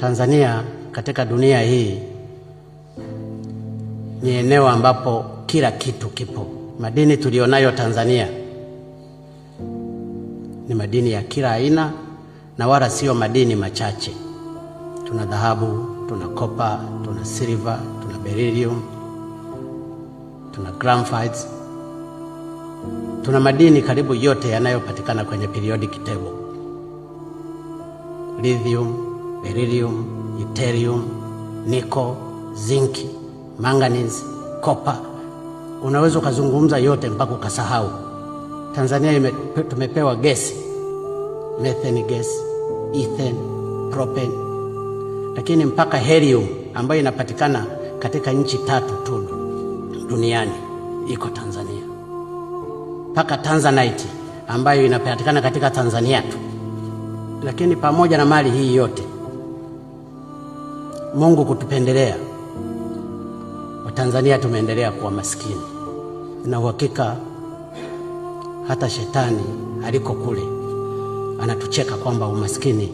Tanzania katika dunia hii ni eneo ambapo kila kitu kipo. Madini tuliyonayo Tanzania ni madini ya kila aina na wala sio madini machache. Tuna dhahabu, tuna kopa, tuna silver, tuna beryllium, tuna graphite, tuna madini karibu yote yanayopatikana kwenye periodic table, lithium beryllium, ytterbium, nickel, zinki, manganese, copper. Unaweza ukazungumza yote mpaka ukasahau. Tanzania ime, tumepewa gesi methane gas, ethane, propane, lakini mpaka helium ambayo inapatikana katika nchi tatu tu duniani iko Tanzania, mpaka tanzanite ambayo inapatikana katika Tanzania tu. Lakini pamoja na mali hii yote Mungu kutupendelea, Watanzania tumeendelea kuwa maskini na uhakika hata shetani aliko kule anatucheka kwamba umasikini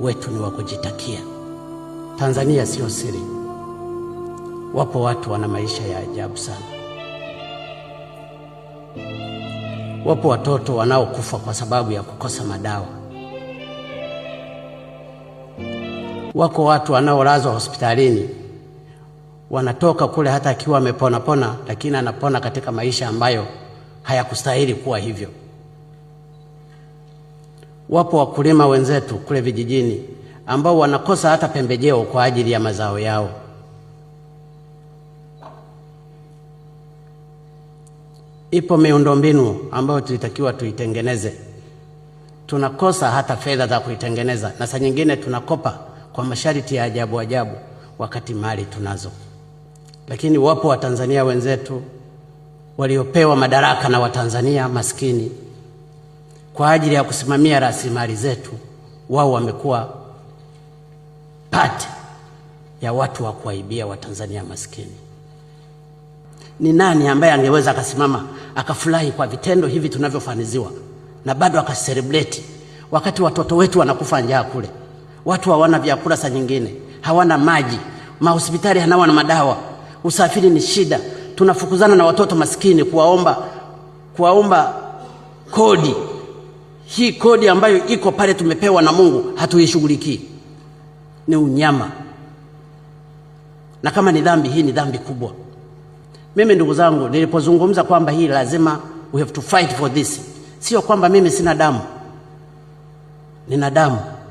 wetu ni wa kujitakia. Tanzania sio siri, wapo watu wana maisha ya ajabu sana. Wapo watoto wanaokufa kwa sababu ya kukosa madawa. Wako watu wanaolazwa hospitalini wanatoka kule hata akiwa pona, lakini anapona katika maisha ambayo hayakustahili kuwa hivyo. Wapo wakulima wenzetu kule vijijini ambao wanakosa hata pembejeo kwa ajili ya mazao yao. Ipo miundombinu ambayo tulitakiwa tuitengeneze, tunakosa hata fedha za kuitengeneza, na saa nyingine tunakopa kwa masharti ya ajabu ajabu, wakati mali tunazo. Lakini wapo Watanzania wenzetu waliopewa madaraka na Watanzania maskini kwa ajili ya kusimamia rasilimali zetu, wao wamekuwa pati ya watu wa kuwaibia Watanzania maskini. Ni nani ambaye angeweza akasimama akafurahi kwa vitendo hivi tunavyofaniziwa na bado akaselebreti wakati watoto wetu wanakufa njaa kule? watu hawana vyakula, saa nyingine hawana maji, mahospitali hanawa na madawa, usafiri ni shida, tunafukuzana na watoto maskini kuwaomba, kuwaomba kodi. Hii kodi ambayo iko pale tumepewa na Mungu hatuishughulikii, ni unyama, na kama ni dhambi, hii ni dhambi kubwa. Mimi ndugu zangu, nilipozungumza kwamba hii lazima we have to fight for this, sio kwamba mimi sina damu, nina damu.